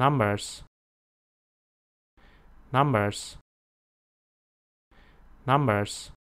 numbers numbers numbers